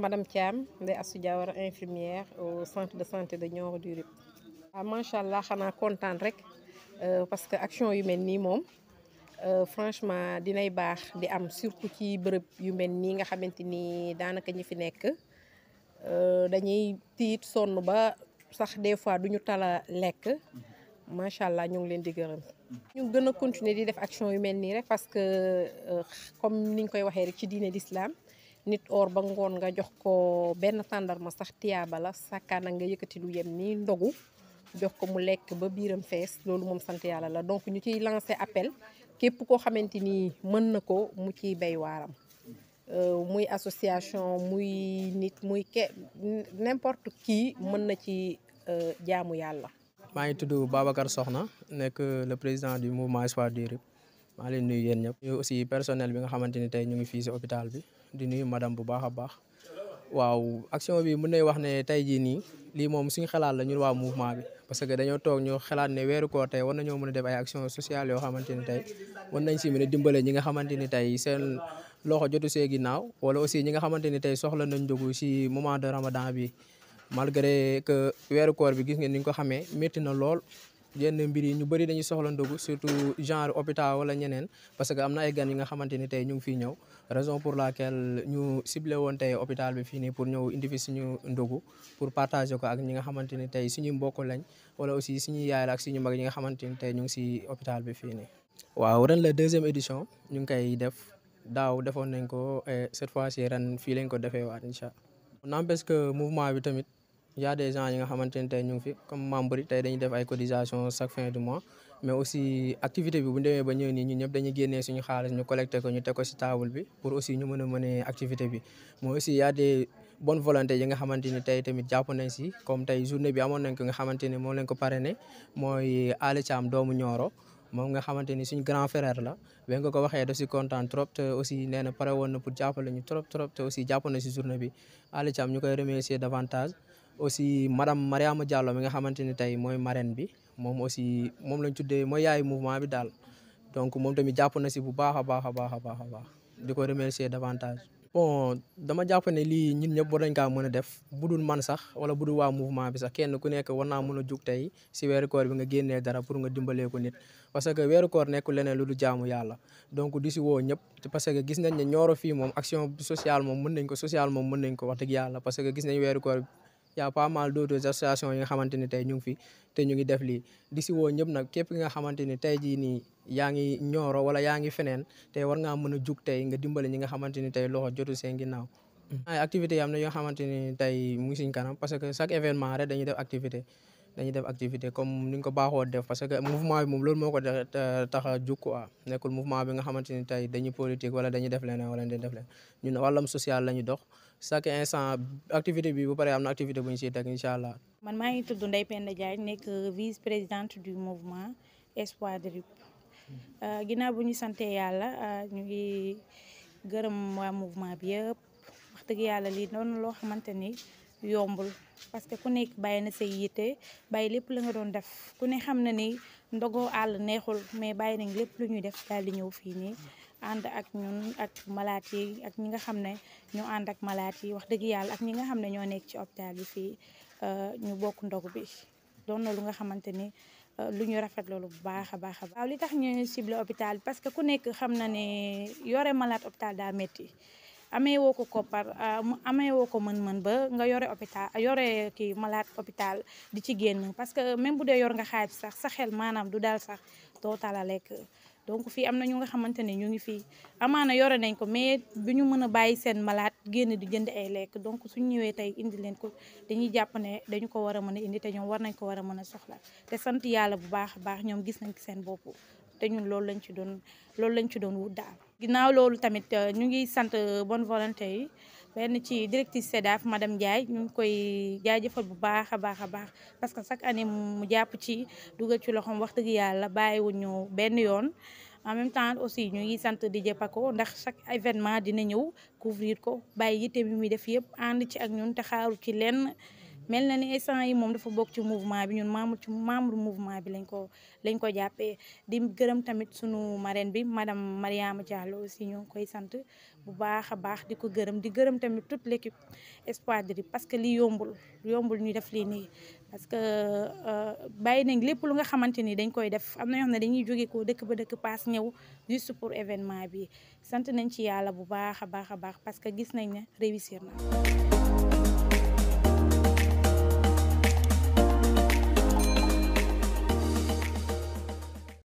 madame Thiam Ndeye Assou Diawara infirmière au centre de santé de Nioro du Rip. ah macha allah xanaa kontaan rek euh, parce que action yu mel nii moom euh, franchement dinay baax di am surtout ci bërëb yu mel nii nga xamante nii daanaka ñi fi nekk euh, dañuy tiit sonn ba sax des fois du ñu tala lekk macha allah ñoo ngi leen di gërëm. ñu gën a continuer di def action yu mel nii rek parce que comme niñ koy waxee rek ci diine l'islam nit or ba ngoon nga jox ko benn tàndarma sax tiyaaba la nga yëkkati lu yem ni ndogu jox ko mu lekk ba biiram fees loolu moom sant yàlla la donc ñu ciy lancé appel képp koo xamante ni mën na ko mu ci bay waaram euh, muy association muy nit muy ke n'importe qui mën na ci euh, jaamu yàlla maa ngi tudd Babacar Soxna nekk le président du mouvement Espoir du Rip maa leen nuyu yéen ñëpp nuyu aussi personnel bi nga xamante ni tey ñu ngi fii si hôpital bi di nuyu madame bu baax a baax waaw action bi mën nay wax ne tey jii nii lii moom suñu xalaat la ñun waa mouvement bi parce que dañoo toog ñu xalaat ne weeru koor tey war nañoo mën a def ay action sociale yoo xamante ni tey war nañ si mën a dimbale ñi nga xamante ni tey seen loxo jotu see ginnaaw wala aussi ñi nga xamante ni tey soxla nañ jógu si moment de ramadan bi malgré weeru koor bi gis ngeen ni ñu ko xamee métti na lool yenn mbir yi ñu bëri dañuy soxla ndogu surtout genre hôpital wala ñeneen parce que am na ay gan nga xamante ni tey ñu ngi fi ñëw raison pour laquelle ñu ciblé woon tey hôpital bi fii nii pour ñëw indi fi ñu ndogu pour partager ko ak ñi nga xamante ni tey suñu mbokk lañ wala aussi suñuy yaay la ak suñu mag yi nga xamante ni tey ñu ngi si hôpital bi fii nii. waaw ren la deuxième édition ñu ngi koy def daaw defoon nañ ko cette fois ci ren fii lañ ko defee waat incha y a des gens yi nga xamante ne tey fi comme membre yi tey dañuy def ay cotisation chaque fin du mois mais aussi activité bi bu ñu demee ba ñëw nii ñun ñëpp dañuy génnee suñu xaalis ñu collecté ko ñu teg si table bi pour aussi ñu mën a mënee activité bi mais aussi y a des nga xamante ni tey tamit jàpp nañ si comme tey journée bi amoon nañ ko nga xamante ni moom lañ ko parrainé mooy Aly Thiam doomu Nioro moom nga xamante ni suñ grand frère la ba nga ko waxee da si kontaan trop nee na pare woon na pour jàppale ñu trop trop te aussi jàpp na si journée bi Aly Thiam ñu koy remercier davantage aussi madame Mariama Diallo mi nga xamante ni tey mooy marraine bi moom aussi moom lañ tuddee mooy yaayu mouvement bi daal donc moom tamit jàpp na si bu baax a baax a baax a baax a baax di ko remercier davantage. bon dama jàpp ne lii ñun ñëpp war mën a def budul man sax wala budul waa mouvement bi sax kenn ku nekk war naa mën jug tey si weeru koor bi nga génnee dara pour nga dimbalee ko nit parce que weeru koor nekkul leneen lu du jaamu yàlla donc di si ñëpp parce que gis nañ ne Nioro fii moom action sociale moom mën nañ ko sociale moom mën nañ ko wax dëgg yàlla parce que gis nañ weeru y' a pas mal d'autres associations yi nga xamante ni tey ñu ngi fi te ñu ngi def lii di si woo ñëpp nag képp ki nga xamante ni tey jii nii yaa ngi ñooro wala yaa ngi feneen te war ngaa mën a jug tey nga dimbale ñi nga xamante ni tey loxo jotu seen ginnaaw. Mm. ay activités yi am na yoo xamante ni tey mu ngi suñ kanam parce que chaque événement rek dañuy def activité dañuy def activité comme ni nga ko baaxoo def parce que mouvement bi moom loolu moo ko tax a jug quoi nekkul mouvement bi nga xamante ni tey dañuy politique wala dañuy def leneen wala dañuy def leneen ñun wàllum social la ñu dox. chaque instant activité bi bu paree am na activité bu ñu siy teg incha allah. man maa ngi tuddu Ndeye Penda Diagne nekk vice présidente du mouvement Espoir de RIP. Euh, ginnaaw bu ñu sante yàlla euh, ñu ngi gërëm waa mouvement bi yëpp wax dëgg yàlla lii doon loo xamante ni yombul parce que ku nekk bàyyi na say yitte bàyyi lépp la nga doon def ku ne xam na ni ndogoo àll neexul mais bàyyi nañ lépp lu ñuy def daal di ñëw fii nii. ànd ak ñun ak malaat yi ak ñi nga xam ne ñoo ànd ak malaat yi wax dëgg yàlla ak ñi nga xam ne ñoo nekk ci hôpital bi fii euh, ñu bokk ndog bi doon na lu nga xamante ni euh, lu ñu rafet loolu bu baax a baax a baax. li tax ñu ciblé hôpital parce que ku nekk xam na ne yore malaat hôpital daa métti amee woo ko koppar euh, amee woo ko mën-mën ba nga yore hôpital yore kii malaat hôpital di ci génn parce que même bu dee yor nga xaalis sax sa xel maanaam du daal sax doo tala lekk. donc fii am na ñu nga xamante ne ñu ngi fii amaana yore nañ ko mais bi ñu mën a bàyyi seen malaat génn di jënd ay lekk donc suñ ñëwee tey indi leen ko dañuy jàpp ne dañu ko war a mën a indi te ñoom war nañ ko war a mën a soxla te sant yàlla bu baax a baax ñoom gis nañ ci seen bopp te ñun loolu lañ ci doon loolu lañ ci doon wut daal ginnaaw loolu tamit euh, ñu ngi sant euh, bon volonté yi benn ci directrice ma dem Ndiaye ñu ngi koy jaajëfal bu baax a baax a baax parce que chaque année mu jàpp ci dugal ci loxoom wax dëgg yàlla bàyyiwuñu benn yoon. en même temps aussi ñu ngi sant DJ Paco ndax chaque événement dina ñëw couvrir ko bàyyi yitte bi muy def yëpp ànd ci ak ñun te xaaru ci lenn. mel na ni instant yi moom dafa bokk ci mouvement bi ñun membre ci membre mouvement bi lañ ko lañ ko jàppee di gërëm tamit suñu marine bi madame Mariama Diallo si ñoo ngi koy sant bu baax a baax di ko gërëm di gërëm tamit toute l' équipe espoirdri parce que li yombul yombul ñu def lii nii parce que euh, bàyyi nañ lépp lu nga xamante ni dañ koy def am na ñoo ne dañuy jóge koo dëkk ba dëkk paas ñëw juste pour événement bi sant nañ ci yàlla bu baax a baax a baax parce que gis nañ ne réussir na